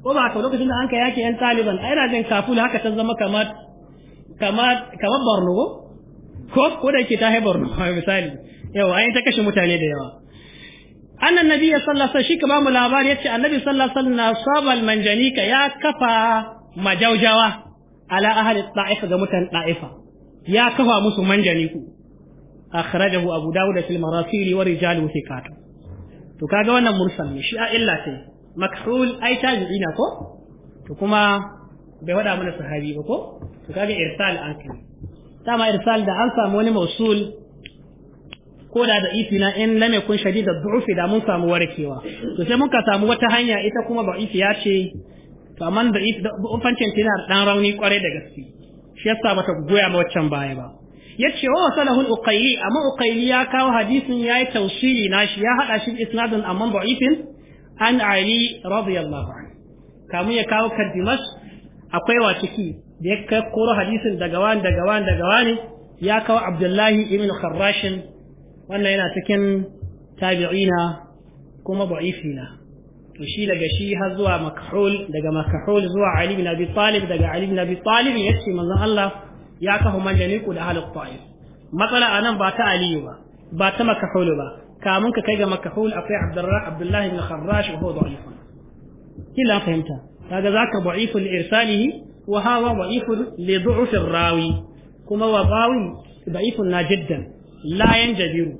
ko ba ka lokacin da an ka yake yan taliban ai jin kabul haka ta zama kamar kamar kamar borno ko ko da yake ta haibar borno [laughs] misali an yi ta kashe mutane da yawa annan nabi sallallahu alaihi shi ka bamu labari ce annabi sallallahu alaihi wasallam sabal manjanika ya kafa majaujawa ala ahli ta'ifa ga mutan ta'ifa ya kafa musu manjaniku akhrajahu abu dawud fil marasili wa rijalu thiqat to kaga wannan mursal ne shi a illa ce makhul ai tabi'ina ko to kuma bai wada mana sahabi ba ko to kaga irsal an kai dama irsal da an samu wani mausul ko da da na in lam yakun shadida du'ufi da mun samu warkewa to sai muka samu wata hanya ita kuma ba ya ce to amma da ufancin tana dan rauni kwarai da gaske shi yasa bata goya ma waccan baya ba yace wa oh, salahu al-uqayli amma uqayli ya kawo hadisin yayi na nashi ya hada shi isnadin amma da'ifin an ali radiyallahu anhu kamun ya kawo kaddimas akwai wa ciki da ya koro hadisin daga wani daga wani daga wani ya kawo abdullahi ibn kharrashin wannan yana cikin tabi'ina kuma da'ifina to shi daga shi har zuwa makhul daga makhul zuwa ali ibn abi talib daga ali ibn abi talib yace manzon Allah ya kafa majaliku da halal ta'if matsala anan ba ta ali ba ba ta makhul ba kamun ka kai ga makhul akwai abdurrah abdullah ibn kharrash wa huwa da'if kila fahimta kaga zaka da'iful irsalihi wa hawa da'iful li du'uf rawi kuma wa rawi da'ifun na jiddan Layan Jabiru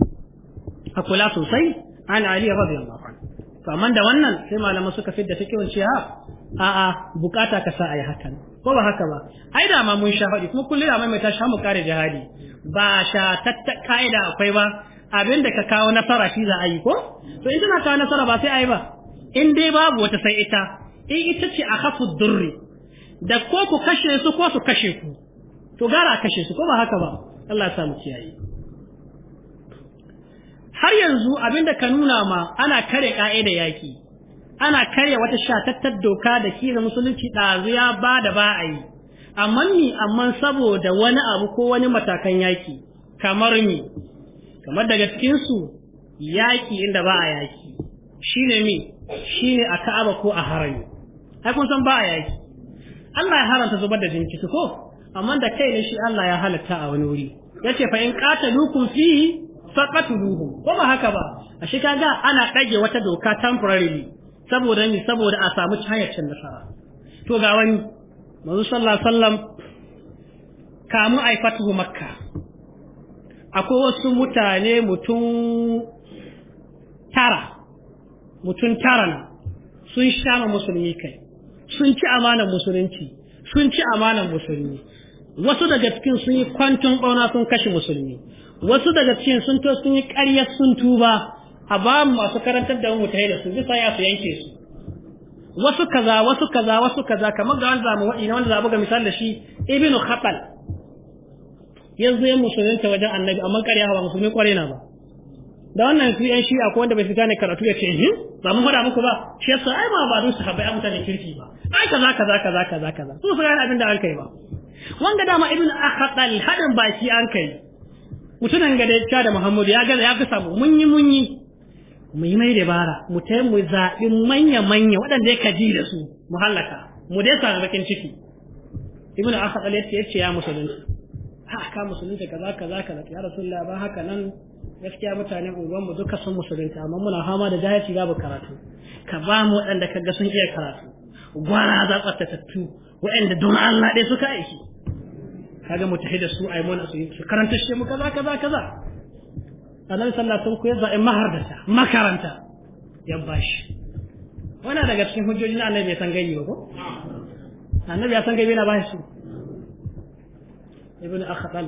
a kula sosai an ali radiyallahu anhu to amma da wannan sai malama suka fidda ha a a'a bukata ka sa ayi hakan ko ba haka ba ai da ma mun sha faɗi kuma kullu da mai ta sha mu kare jihadi ba sha tatta kaida akwai ba abin da ka kawo nasara shi za a yi ko to in tana kawo nasara ba sai ayi ba in dai babu wata sai ita in ita ce a hafu durri da ko ku kashe su ko su kashe ku to gara kashe su ko ba haka ba Allah ya samu kiyaye har yanzu abinda ka nuna ma ana kare ka'ida yaki ana karya wata shatattar doka da kira musulunci ɗazu ya ba da ba a yi amma ni amma saboda wani abu ko wani matakan yaki kamar ni kamar daga cikinsu yaki inda ba a yaki shine mi ne a ka'aba ko a harami ai kun san ba a yaki Allah ya haramta zubar da jini ko amma da kai ne shi Allah ya halatta a wani wuri yace fa in qatalukum fihi ko kuma haka ba a shi kaga ana dage wata doka temporarily saboda ni saboda a samu cin nasara to ga wani manzo sallallahu alaihi wasallam kamu ai fatuhu makka akwai wasu mutane mutum tara mutum tara na sun shama musulmi kai sun ci amanar musulunci sun ci amanar musulmi wasu daga cikin sun yi kwantun ɓauna sun kashe musulmi wasu daga cikin sun to sun yi ƙarya sun tuba a ba masu karantar da mu tare da su bisa ya su yanke su wasu kaza wasu kaza wasu kaza kamar ga wanda mu wadi na wanda zamu ga misali da shi ibnu khatal yanzu yan musulunta wajen annabi amma ƙarya ba musulmi kware na ba da wannan su yan shi'a ko wanda bai fita ne karatu ya ce hin eh, ba mun faɗa muku ba shi yasa ai ma ba dusu habai an mutane kirki ba ai kaza kaza kaza kaza kaza su su gane abin da an kai ba wanda dama ibn akhadal hadin baki an kai mutunan ga da da Muhammadu ya gaza ya ga samu mun yi mun yi mu yi mai dabara mu ta mu zaɓi manya manya waɗanda ya kaji da su mu hallaka mu dai sa bakin ciki ibnu asad ya ce ya musulunci ha ka musulunci kaza kaza kaza ya rasulullah ba haka nan gaskiya mutanen uban mu duka sun musulunta amma muna fama da jahilci babu karatu ka ba mu waɗanda kaga sun iya karatu gwara za tattu, waɗanda don Allah ɗaya suka aiki kaga mu tahida su ai mun asu su karanta shi mu kaza kaza kaza annabi sallallahu alaihi wasallam ko ya za'i maharda makaranta ya bashi wannan daga cikin hujjojin annabi ya san ba ko annabi ya san gani na bashi su ibn akhtal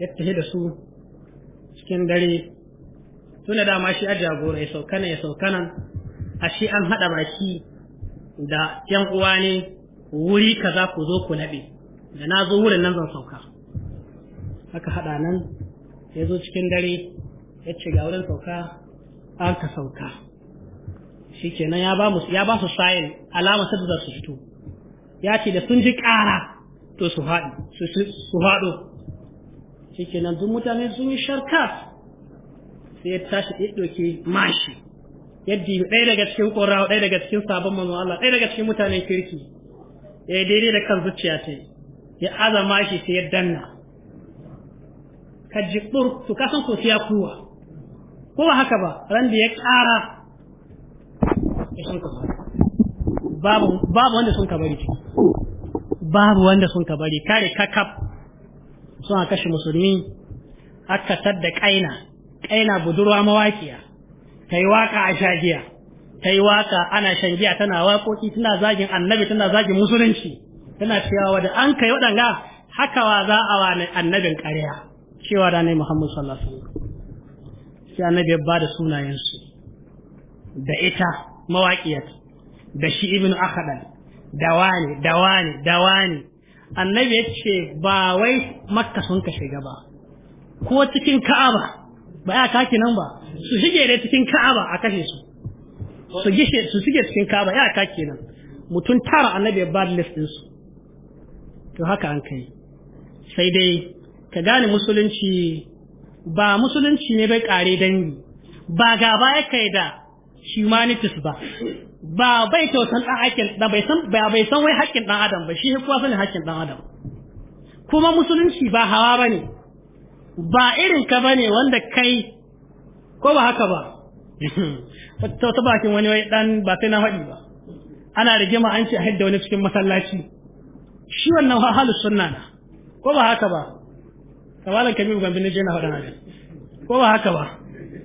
ya tahida su cikin dare tuna ma shi a jagora ya saukana ya saukanan a shi an haɗa baki da ‘yan uwa ne wuri kaza ku zo ku naɗe da na zo wurin nan zan sauka aka haɗa nan ya zo cikin dare ya ce ga wurin sauka an ka sauka shi kenan ya ba ya ba su sayin alama ta da su fito ya ce da sun ji ƙara to su haɗu su haɗu shi kenan duk mutane sun yi sharka sai ya tashi ya ɗauki mashi yadda ɗaya daga cikin ƙorawa ɗaya daga cikin sabon manzo Allah ɗaya daga cikin mutanen kirki ya yi daidai da kan zuciya sai. ya azama shi sai ya danna ka ji ɓur su kasan ko ya kuwa ko ba haka ba ran da ya ƙara ya sun ka babu babu wanda sun ka bari babu wanda sun ka bari kare kakaf suna kashe musulmi aka tadda kaina kaina budurwa mawaƙiya ta yi waka a shagiya ta yi waka ana shan giya tana waƙoƙi tana zagin annabi tana zagin musulunci tana cewa da an kai waɗanga haka wa za a wa annabin ƙarya cewa da ne Muhammad sallallahu alaihi wasallam sai annabi ya bada sunayensu da ita mawaƙiyar da shi ibnu akhadan da wani da wani da wani annabi ya ce ba wai makka sun ka shiga ba ko cikin ka'aba ba ya kaki nan ba su shige da cikin ka'aba a kashe su su gishe su shige cikin ka'aba ya kaki nan mutum tara annabi ya ba list din to haka an kai sai dai ka gane musulunci ba musulunci ne bai kare dangi ba gaba ya kai da humanities ba ba bai kyautan dan hakkin da bai san ba bai san wai hakkin dan adam ba shi kuwa sanin hakkin dan adam kuma musulunci ba hawa bane ba irin ka bane wanda kai ko ba haka ba [laughs] ta bakin wani wai dan ba sai na haɗi ba ana rigima an ce a hadda wani cikin masallaci shi wannan halu sunna na ko ba haka ba kawalan kabiru gambi ne jena faɗa haka ko ba haka ba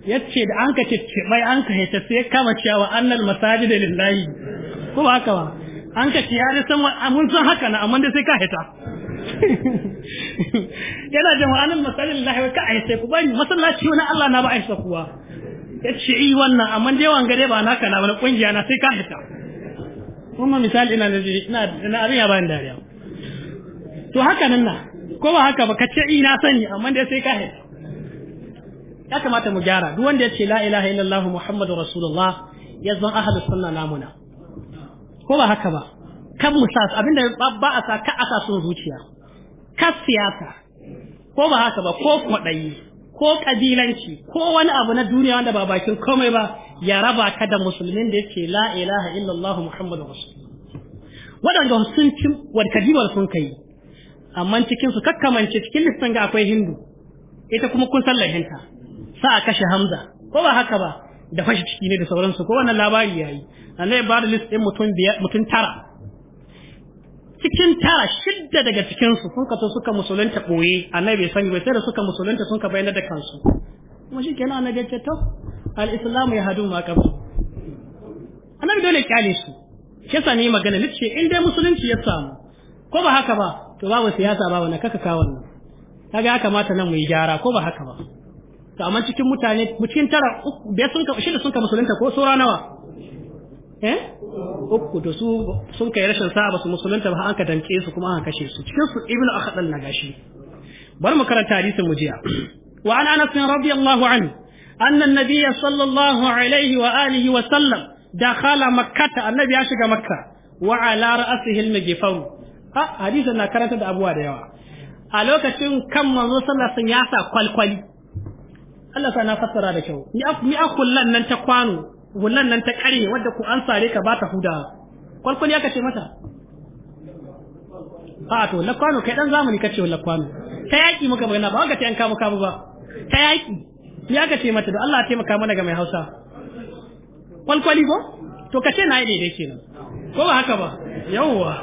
yace da an ka cicciɓai an ka hita sai kama cewa annal masajid lillahi ko ba haka ba an ka ci har san mun san haka na amma dai sai ka hita [laughs] yana jama'an masajid lillahi wa ka hita ku bari masallaci wani Allah na ba a aisha kuwa yace i wannan amma dai wanga dai ba naka na ba na kungiya na sai ka hita kuma misali ina ina ina abin ya bayan dariya to haka nan na ko ba haka ba ka ce ina sani amma dai sai ka hita ya kamata mu gyara duk wanda ya ce la ilaha illallah muhammadur rasulullah ya zan ahadu sunna namuna ko ba haka ba kan mu sa abinda ba a sa ka a sa sun zuciya ka siyasa ko ba haka ba ko kwaɗayi ko kabilanci ko wani abu na duniya wanda ba bakin komai ba ya raba ka da musulmin da yake la ilaha illallah muhammadur rasulullah wadanda sun ci wadkadiwar sun kai amma cikin su kakkamance cikin listan ga akwai hindu ita kuma kun san lahinta sa a kashe hamza ko ba haka ba da fashi ciki ne da sauransu ko wannan labari yayi Allah ya bada list din mutum mutum tara cikin tara shidda daga cikin su sun kato suka musulunta boye annabi bai sani bai sai da suka musulunta sun ka bayyana da kansu kuma shikenan annabi ya ce to al-islam ya hadu ma kabu annabi dole kyale su shi yasa ne magana lice in dai musulunci ya samu ko ba haka ba to babu siyasa ba wannan kaka kawo wannan kaga ya kamata nan mu yi gyara ko ba haka ba to amma cikin mutane cikin tara bai sun ka shida sun ka musulunta ko sura nawa eh uku to su sun kai rashin sa'a ba su musulunta ba an ka danke su kuma an kashe su cikin su ibnu akhdal na gashi bari mu karanta hadisin mu jiya wa an anas radiyallahu anhu alaihi النبي صلى الله عليه وآله وسلم دخل مكة النبي عشق مكة وعلى رأسه المجفون ha hadisin na karanta da abuwa da yawa a lokacin kan manzo sallallahu alaihi ya sa kwalkwali Allah sa na fassara da kyau ni a mi a nan ta kwano kullan nan ta kare wadda ku an sare ka ba ta huda kwalkwali aka ce mata a to lakwano kai dan zamani kace wa lakwano ta yaki muka magana ba ga ta yanka muka ba ta yaki ni aka ce mata da Allah ya taimaka mana ga mai Hausa kwalkwali ko to kace na yi daidai kenan ko ba haka ba yawwa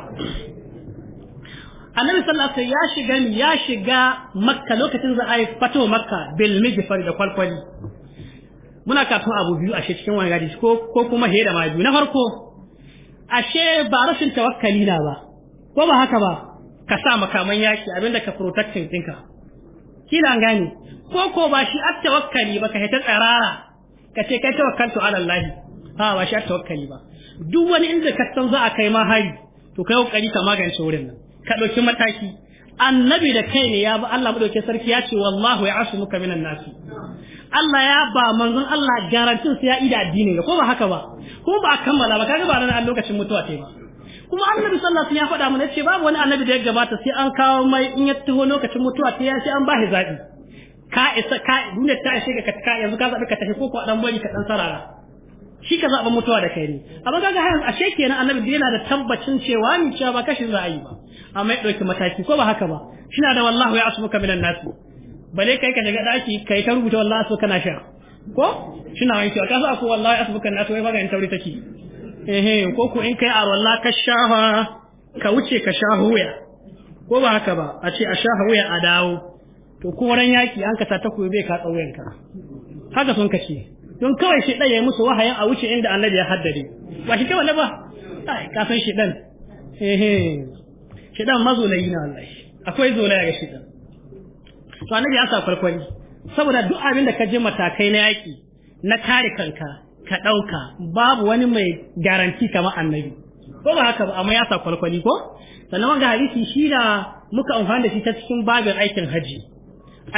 annabi sallallahu alaihi wasallam ya shiga ni ya shiga makka lokacin za a yi fato makka bil mijfar da kwalkwali muna kafin abu biyu ashe cikin wani gadi ko ko kuma he da biyu na farko ashe ba rashin tawakkali na ba ko ba haka ba ka sa makaman yaki abinda ka protecting ɗinka kila an gane ko ko ba shi at tawakkali ba ka heta tsarara ka ce kai tawakkaltu ala Allah ha ba shi at tawakkali ba duk wani inda ka san za a kai ma hari to kai kokari ka magance wurin nan ka ɗauki mataki annabi da kai ne ya ba Allah madauke sarki ya ce wallahu ya ashu muka minan nasu Allah ya ba manzon Allah garantin sai ya ida addinin ga ko ba haka ba ko ba kammala ba kaga ba nan lokacin mutuwa ta ba kuma annabi sallallahu alaihi wasallam ya faɗa mana ce babu wani annabi da ya gabata sai an kawo mai in ya taho lokacin mutuwa ta sai an ba shi zabi ka isa ka duniya ta ishe ga ka yanzu ka zaɓi ka tafi ko ko dan bari ka dan sarara shi ka zaɓa mutuwa da kai ne amma kaga har ashe kenan annabi da yana da tabbacin cewa ni cewa ba kashin ra'ayi ba amma ya ɗauki mataki ko ba haka ba shi da wallahu ya asubuka minan nasu bale kai ka daga ɗaki kai ta rubuta wallahu asubuka kana sha ko shi na wanke ka sa ko ya asubuka na nasu wai maganin tauri take eh ko ko in kai a wallahu ka shafa ka wuce ka sha huya ko ba haka ba a ce a sha huya a dawo to ko ran yaki an ka ta ku bai ka ka haka sun kace don kawai shi ɗaya musu wahayin a wuce inda annabi ya haddade ba shi kawai ba ka san shi ɗan shedan mazolayi na wallahi akwai zolaya ga shedan to annabi ya sa farkon saboda duk abin da ka je matakai na yaki na kare kanka ka dauka babu wani mai garanti kamar annabi ko ba haka ba amma ya sa kwalkwali ko sannan wanga hadisi shi da muka amfani da shi ta cikin babin aikin haji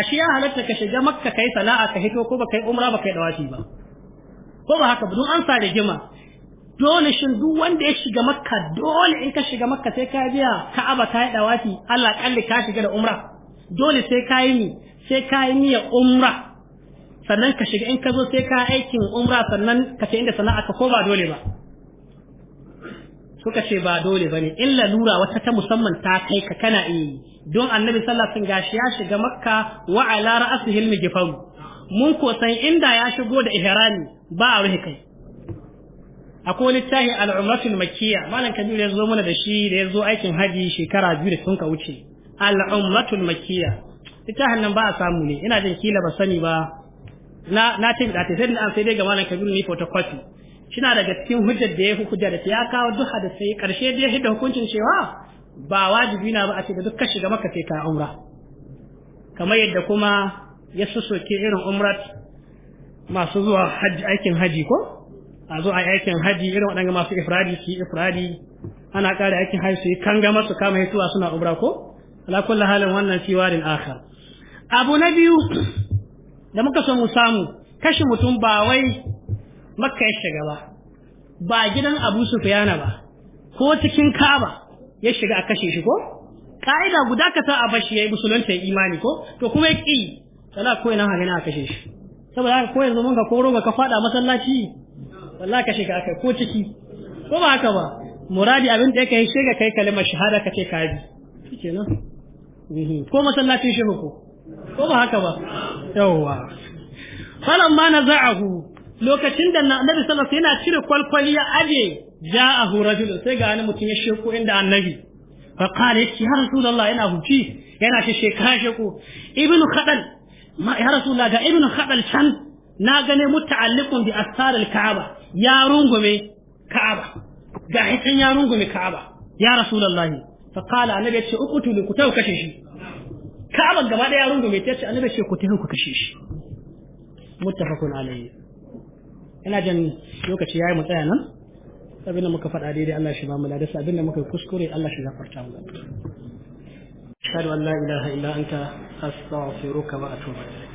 ashe ya halatta ka shiga makka kai sana'a ka hito ko ba kai umra ba kai dawafi ba ko ba haka ba don an sa gima? dole shin duk wanda ya shiga makka dole in ka shiga makka sai ka biya ka'aba ka yi dawafi Allah kalli ka shiga da umra dole sai ka yi ni sai ka yi ya umra sannan ka shiga in ka zo sai ka aikin umra sannan ka ce inda sana'a ka ko ba dole ba suka ce ba dole bane in lalura wata ta musamman ta kai ka kana yi don annabi sallallahu alaihi wasallam gashi ya shiga makka wa ala ra'sihi al mun ko san inda ya shigo da ihrami ba a ruhi kai akwai littafi al-umratul malam kabir ya zo mana da shi da ya zo aikin haji shekara biyu da sun ka wuce al-umratul littafin nan ba a samu ne ina jin kila ba sani ba na na tafi da sai an sai dai ga malam kabir ne photocopy shina daga cikin hujjar da ya hujja hujjar da ya kawo duk da sai karshe da ya hidda hukuncin cewa ba wajibi na ba a ce da duk kashi ga maka sai ka umra kamar yadda kuma ya soke irin umrat masu zuwa aikin haji ko a zo a aikin haji irin waɗanda masu ifradi su yi ifradi ana ƙara aikin haji su yi kanga su kama hituwa suna umra ko ala halin wannan fi warin akhar abu na biyu da muka so mu samu kashe mutum ba wai makka ya shiga ba ba gidan abu sufyana ba ko cikin kaba ya shiga a kashe shi ko ka'ida guda ka ta a bashi yayi musulunta imani ko to kuma ya ki sala koyi na hagani a kashe shi saboda haka ko yanzu mun ka koro ka fada masallaci wallahi kashe ka akai ko ciki ko ba haka ba muradi abin da yake shi sai ga kai kalmar shahada ka ce kaji kenan mhm. ko masallacin shi ko ko ba haka ba yawwa falan ma naza'ahu lokacin da annabi sallallahu alaihi yana cire kwalkwali ya aje ja'ahu rajulun sai ga wani mutum ya sheko inda annabi fa qala ya rasulullah yana huci yana shi sheka sheko ibnu khadal ma ya rasulullah ga ibnu khadal can na gane muta'alliqun bi asar al-ka'aba ya rungume ka'aba ga hitan ya rungume ka'aba ya rasulullahi fa qala annabi yace uku uqtulu ku tau kashe shi ka'aba gaba daya rungume ta ce annabi ya ce ku tau ku kashe shi muttafaqun alayhi ina jan lokaci yayi mu tsaya nan abinda muka faɗa daidai Allah shi ba mu ladarsa abinda muka kuskure Allah shi gafarta mu ashhadu an la ilaha illa anta astaghfiruka wa atubu ilayk